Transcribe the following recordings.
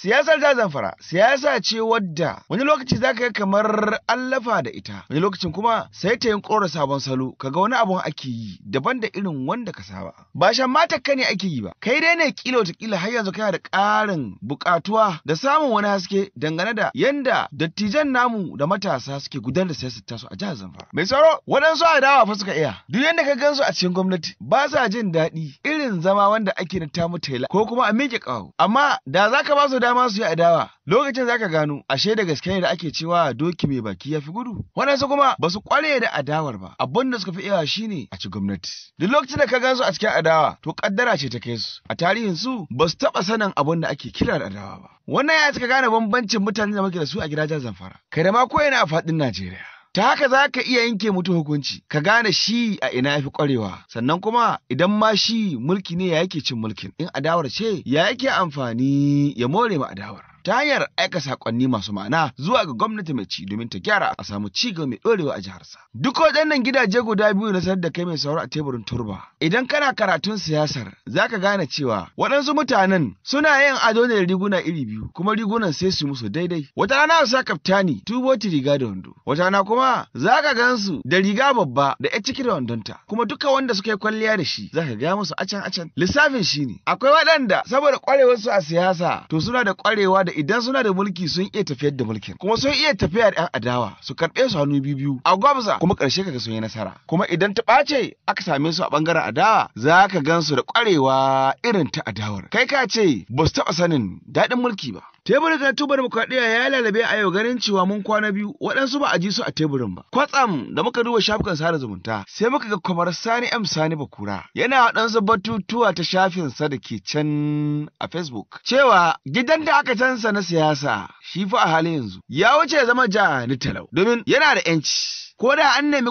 siyasar da zamfara siyasa ce wadda wani lokaci za ka yi kamar allafa da ita wani lokacin kuma sai ta yin ƙora sabon salo kaga wani abun ake yi daban da irin wanda ka saba ba shan mata ka ne ake yi ba kai dai ne kila wata kila har yanzu kana da ƙarin buƙatuwa da samun wani haske dangane da yanda dattijan namu da matasa suke gudanar da siyasar tasu a jihar zamfara mai tsaro waɗansu adawa fa suka iya duk yanda ka gansu a cikin gwamnati ba sa jin daɗi irin zama wanda ake na ta tela ko kuma a miƙe ƙaho amma da za ka ba su da dama su yi adawa lokacin zaka gano ashe da gaske ne da ake cewa doki mai baki ya fi gudu waɗansu kuma ba su kware da adawar ba Abun da suka fi iya shine a ci gwamnati duk lokacin da ka su a cikin adawa to kaddara ce ta kai su a tarihin su ba su taɓa sanin abun da ake kira da adawa ba wannan ya suka gane bambancin mutanen da muke da su a gidajen zamfara kai da ma ko yana a faɗin najeriya ta haka za ka iya yanke mutu hukunci ka gane shi a ina ya fi kwarewa sannan kuma idan ma shi mulki ne ya yake cin mulkin in adawar ce ya yake amfani ya more ma adawar ta hanyar aika sakonni masu ma'ana zuwa ga gwamnati mai ci domin ta gyara a samu ci gaba mai dorewa a jihar sa. Duk waɗannan gidaje guda biyu na sanar da kai mai sauro a teburin turba. Idan kana karatun siyasar za ka gane cewa waɗansu mutanen suna yin ado da riguna iri biyu kuma rigunan sai su musu daidai. Wata rana su sa kaftani tubo ti riga da wando. Wata rana kuma za ka gansu da riga babba da ya ciki da wandonta kuma duka wanda suka yi kwalliya da shi za ka ga musu acan acan. Lissafin shi ne akwai waɗanda saboda ƙwarewarsu a siyasa to suna da ƙwarewa da idan suna da mulki sun iya tafiyar da mulkin kuma sun iya tafiya da yan adawa su karɓe su hannu biyu biyu a gwabza kuma ƙarshe kaga sun yi nasara kuma idan ta ɓace aka same su a ɓangaren adawa za ka gan su da ƙwarewa irin ta adawar kai ka ce ba su taɓa sanin daɗin mulki ba Teburin na tuba demokradiyya ya lalabe a yau ganin cewa mun kwana biyu waɗansu ba a ji su a teburin ba. Kwatsam da muka duba shafukan sada zumunta sai muka ga kwamar Sani M Sani Bakura yana waɗansu batutuwa ta shafinsa da ke can a Facebook cewa gidan da aka cansa na siyasa shi fa a halin yanzu ya wuce ya zama ja ni talau domin yana da 'yanci. ko da an nemi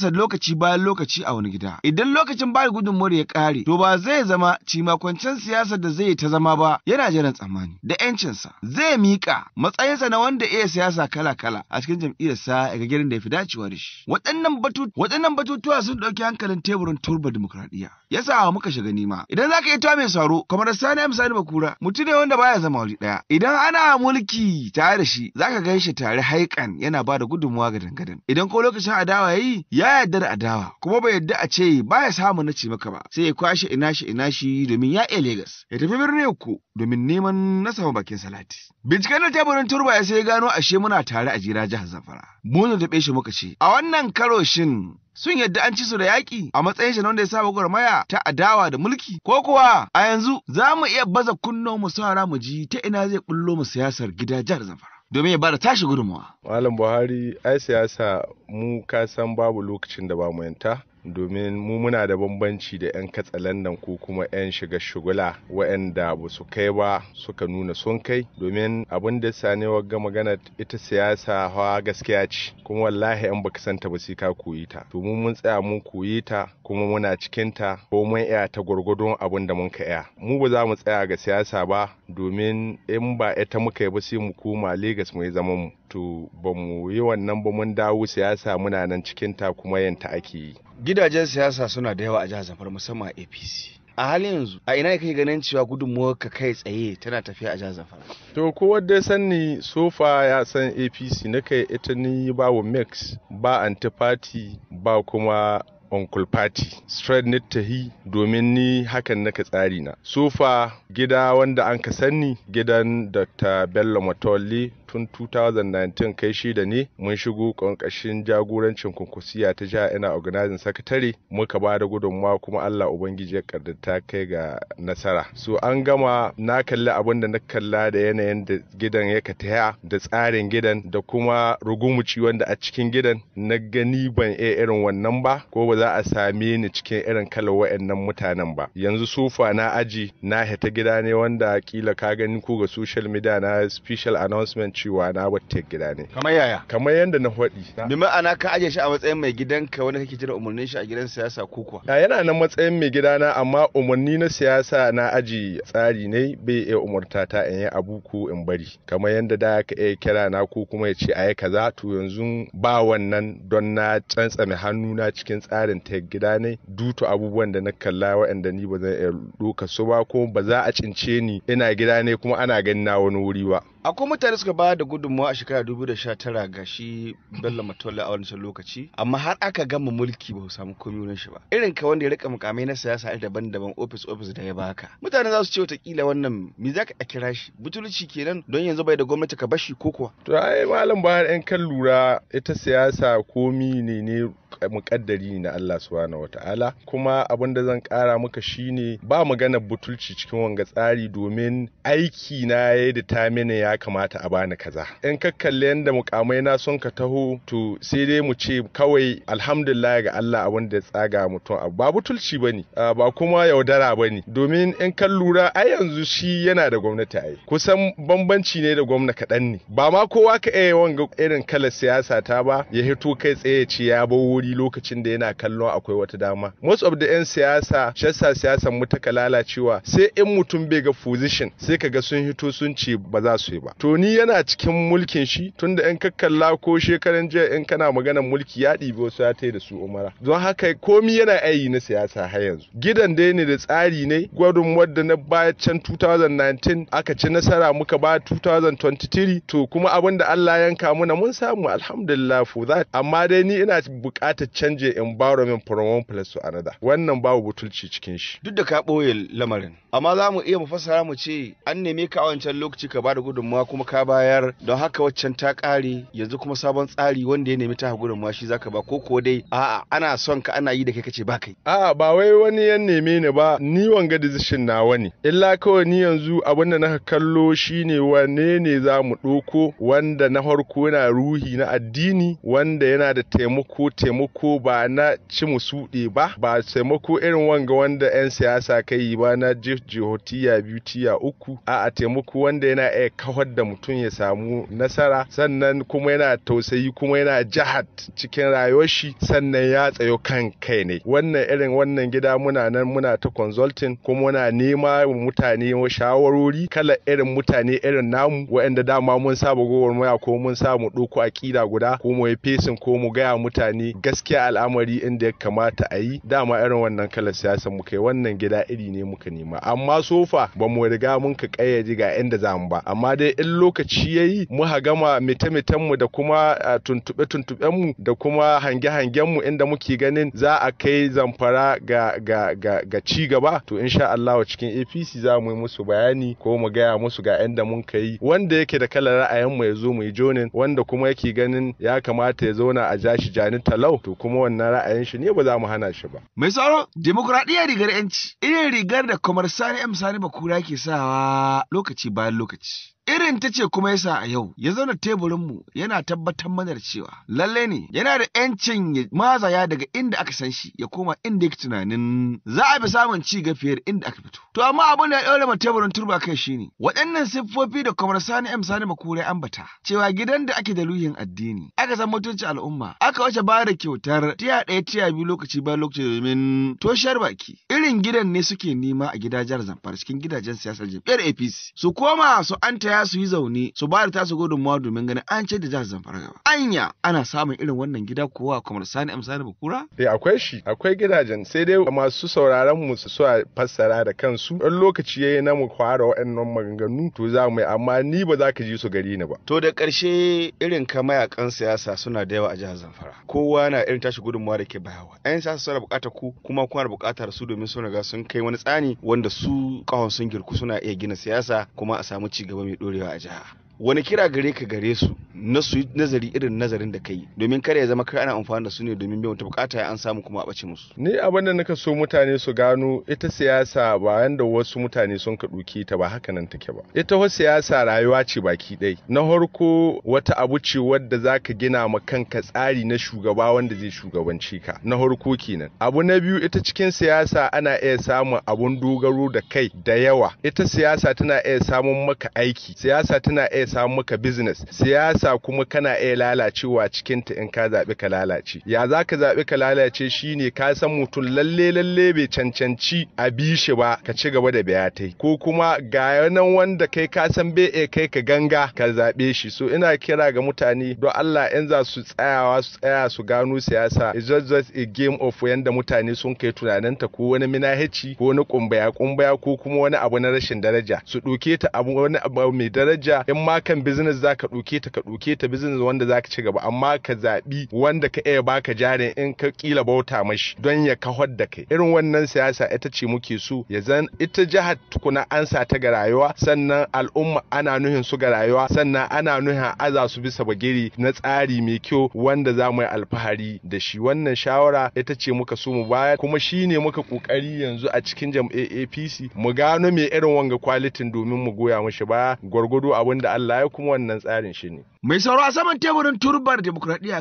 sa lokaci bayan lokaci a wani gida idan lokacin ba gudunmuwar ya kare to ba zai zama cimakwancen siyasar da zai ta zama ba yana jiran tsammani da yancinsa zai miƙa matsayinsa na wanda iya siyasa kala-kala a cikin jam'iyyarsa ga girin da ya fi dacewa da shi waɗannan waɗannan batutuwa sun ɗauki hankalin teburin turba dimokuraɗiyya yasa muka shiga nima idan zaka yi tuwa mai saro kamar sani misali bakura mutum ne wanda baya zama wuri ɗaya idan ana mulki tare da shi zaka gan shi tare haikan yana ba da gudunmuwa ga dangadan idan ko lokacin adawa yayi ya yarda da adawa kuma bai yarda a ce ya samu na ce maka ba sai ya kwashe ina shi ina shi domin ya iya Legas ya tafi birnin ku domin neman na samu bakin salati binciken da teburin turba ya sai ya gano ashe muna tare a jira jihar Zamfara mun da shi muka ce a wannan karo shin sun yadda an ci su da yaki? a matsayin shi wanda ya saba gwarmaya ta adawa da mulki ko kuwa a yanzu za mu iya baza kunnon mu saurara mu ji ta ina zai bullo mu siyasar gida jihar Zamfara domin ya bada tashi gudunmawa. Malam Buhari ai siyasa mu kasan babu lokacin da ba mu yanta domin mu muna da bambanci da 'yan katsalandan ko kuma 'yan shiga shugula waɗanda ba su kai ba suka nuna sun kai domin abin da sani ga magana ita siyasa hawa gaskiya ce kuma wallahi 'yan baka santa ba sai ka koyi ta to mu mun tsaya mun koyi ta kuma muna cikin ta ko mun iya ta gwargwadon abin da mun ka iya mu ba za mu tsaya ga siyasa ba domin in ba ita muka yi ba sai mu koma Legas mu yi zaman mu wato ba mu yi wannan ba mun dawo siyasa muna nan cikin ta kuma yanta ake yi gidajen siyasa suna da yawa a jihar zamfara musamman a apc a halin yanzu a ina kai ganin cewa gudunmuwar ka kai tsaye tana tafiya a jihar zamfara to ko wanda sani sofa ya san apc na kai ita ni ba wa mix ba antiparty, ba kuma Uncle Party, Straight net Tahi domin ni hakan naka tsari na. Sofa gida wanda an ka sani gidan Dr. Bello Matolli tun 2019 kai shi da ni mun shigo ƙarƙashin jagorancin kunkusiya ta jiha ina organizing sakatare muka ba da gudunmawa kuma Allah ubangiji ya ta kai ga nasara so an gama na kalli abin da na kalla da yanayin da gidan ya taya da tsarin gidan da kuma rugumuci wanda a cikin gidan na gani ban iya irin wannan ba ko ba za a same ni cikin irin kalar wa'annan mutanen ba yanzu sufa na aji na hita gida ne wanda kila ka gani ku ga social media na special announcement cewa na wata gida ne kamar yaya kamar yanda na faɗi bi ma'ana ka aje shi a matsayin mai gidanka wanda kake jira umarnin shi a gidan siyasa ko kuwa yana nan matsayin mai gidana amma umarni na siyasa na aji tsari ne bai iya umarta ta in yi abu ko in bari kamar yadda da ka iya kira na ko kuma ya ce a yi kaza to yanzu ba wannan don na tsantsame na cikin tsarin ta gida ne dutu abubuwan da na kalla waɗanda ni ba zan iya doka ba ko ba za a cince ni ina gida ne kuma ana ganin na wani wuri ba akwai mutane suka ba da gudunmawa a shekara 2019 ga shi bello matola a wancan lokaci amma har aka gama mulki ba samu komi wurin shi ba irin ka wanda ya rika mukamai na siyasa daban-daban ofis ofis da ya baka mutane za su ce watakila wannan mi za ka kira shi butulci kenan don yanzu bai da gwamnati ka bashi ko kuwa to ai malam bayan yan kan lura ita siyasa komi ne ne mukaddari na Allah subhanahu wataala kuma abin da zan kara muka shine ba magana butulci cikin wanga tsari domin aiki na yadda da ta ya ya kamata a bani kaza in ka kalli yanda mukamai na son ka taho to sai dai mu ce kawai alhamdulillah ga Allah abin da ya tsaga mutum abu ba butulci bane ba kuma yaudara bane domin in ka lura ai yanzu shi yana da gwamnati ai kusan bambanci ne da gwamnati kaɗan ne ba ma kowa ka iya wanga irin kalar siyasa ta ba ya hito kai tsaye ce ya bar wuri lokacin da yana kallon akwai wata dama most of the 'yan siyasa shassa siyasan mu ta lalacewa sai in mutum bai ga position sai ka ga sun hito sun ce ba za su yi ba to ni yana cikin mulkin shi tunda in kakkalla ko shekaran jiya in kana maganar mulki ya ɗibi wasu ya da su umara don haka komi yana ayi na siyasa har yanzu gidan da ne da tsari ne gwadun wadda na baya can 2019 aka ci nasara muka ba 2023 to kuma abin da Allah yanka muna mun samu alhamdulillah for that amma dai ni ina buƙatar canje environment from one place to another wannan babu butulci cikin shi duk da ka ɓoye lamarin amma za mu iya mu fassara mu ce an neme ka a wancan lokaci ka ba da gudunmawa gudunmawa kuma ka bayar don haka waccan ta ƙare yanzu kuma sabon tsari wanda ya nemi ta gudunmuwa shi zaka ba ko ko dai a'a ana son ka ana yi da kai kace ba kai a'a ba wai wani ya neme ni ba ni wanga decision nawa ne illa kawai ni yanzu abin da naka kallo shine wane ne za mu ɗauko wanda na farko yana ruhi na addini wanda yana da taimako taimako ba na ci musuɗe ba ba taimako irin wanga wanda 'yan siyasa kai ba na jihotiya biyu tiya uku a'a taimako wanda yana iya haifar da mutum ya samu nasara sannan kuma yana tausayi kuma yana jihar cikin rayuwar shi sannan ya tsayo kan kai ne wannan irin wannan gida muna nan muna ta consulting kuma muna nema mutane shawarori kala irin mutane irin namu waɗanda dama mun saba gowar maya ko mun samu a kida guda ko mu yi fesin ko mu gaya mutane gaskiya al'amari inda ya kamata a yi dama irin wannan kalar siyasa mu yi wannan gida iri ne muka nema amma sofa ba mu riga mun ka ga inda za ba amma dai in lokaci ya yi muka gama mite da kuma tuntuɓe tuntuɓenmu da kuma hange hangenmu inda muke ganin za a kai zamfara ga ci gaba to in sha Allah wa cikin APC za mu yi musu bayani ko mu gaya musu ga da mun kai wanda yake da kalar ra'ayinmu ya zo mu yi jonin wanda kuma yake ganin ya kamata ya zauna a jashi jani talau to kuma wannan ra'ayin shi ne ba za mu hana shi ba mai tsaro demokradiyya rigar yanci irin rigar da kamar sani m sani bakura ke sawa lokaci bayan lokaci irin ta ce kuma yasa a yau ya zauna teburinmu yana tabbatar mana da cewa lalle ne yana da yancin ya mazaya daga inda aka san shi ya koma inda yake tunanin za a fi samun ci gafiyar inda aka fito to amma abin da ya daure ma teburin turba kai shine waɗannan siffofi da kamar sani m sani makure ambata cewa gidan da ake da ruhin addini aka san mutunci al'umma aka wace ba da kyautar tiya ɗaya tiya biyu lokaci bayan lokaci domin toshar baki irin gidan ne suke nema a gidajen zamfara cikin gidajen siyasar jam'iyyar apc su koma su anta tsaya su yi zaune su ba da godon mawa domin ganin an ce da jihar zamfara gaba anya ana samun irin wannan gida kowa kamar sani Amsa da bakura eh akwai shi akwai gidajen sai dai masu sauraron mu su fassara da kansu ɗan lokaci yayi na mu kwara waɗannan maganganu to za mu yi amma ni ba za ka ji su gari ni ba to da ƙarshe irin ka mayakan siyasa suna da yawa a jihar zamfara kowa na irin tashi gudunmawa da ke bayawa An siyasa suna buƙatar ku kuma kuna buƙatar su domin sun riga sun kai wani tsani wanda su ƙahon sun girku suna iya gina siyasa kuma a samu ci gaba mai 노려하자. wani kira gare ka gare su na su yi nazari irin nazarin da kai domin kare ya zama kai ana amfani da su ne domin biyan wata bukata an samu kuma a bace musu ni abin da naka so mutane su gano ita siyasa ba yanda wasu mutane sun ka duki ta ba haka nan take ba ita wa siyasa rayuwa ce baki ɗai na harko wata abu ce wadda zaka gina ma kanka tsari na shugaba wanda zai shugabanci ka na harko kenan abu na biyu ita cikin siyasa ana iya samun abun dogaro da kai da yawa ita siyasa tana iya samun maka aiki siyasa tana iya samu maka business siyasa kuma kana iya lalacewa cikin ta in ka zaɓi ka lalace ya za ka zaɓi ka lalace shine ka san mutum lalle lalle bai cancanci a bi shi ba ka ci gaba da biyatai ko kuma ga nan wanda kai ka san bai iya kai ka ganga ka zaɓe shi so ina kira ga mutane don Allah in za su tsayawa su tsaya su gano siyasa is just, just a game of yanda mutane sun kai tunanin ta ko wani minahici ko wani kumbaya kumbaya ko kuma wani abu na rashin daraja su ɗauke ta abu wani abu mai daraja in ma kan business za ka ɗauke ta ka ɗauke ta business wanda za ka ci gaba amma ka zaɓi wanda ka iya baka jarin in ka kila bauta mashi don ya kawar da kai irin wannan siyasa ita ce muke so ya zan ita jihar tukuna an sa ta ga rayuwa sannan al'umma ana nuhin su ga rayuwa sannan ana nuhin aza su bisa bagiri na tsari mai kyau wanda za mu yi alfahari da shi wannan shawara ita ce muka so mu bayar kuma shi ne muka kokari yanzu a cikin jam'iyyar APC mu gano mai irin wanga kwalitin domin mu goya mashi baya gwargwado abin da Allah ya kuma wannan tsarin shi ne. Mai sauro a saman teburin turbar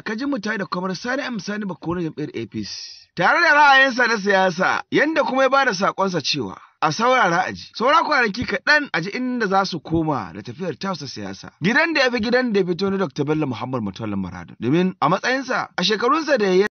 ka ji mutane da kamar Sani ba Bakone jam'iyyar APC. tare da ra'ayinsa na siyasa yadda kuma ya ba da saƙonsa cewa a saurara a ji saura kwanaki kaɗan a ji inda za su koma da tafiyar tausa siyasa gidan da ya fi gidan da ya fito ni dr bello muhammad Mutuwalin Maradu. domin a matsayinsa a shekarunsa da ya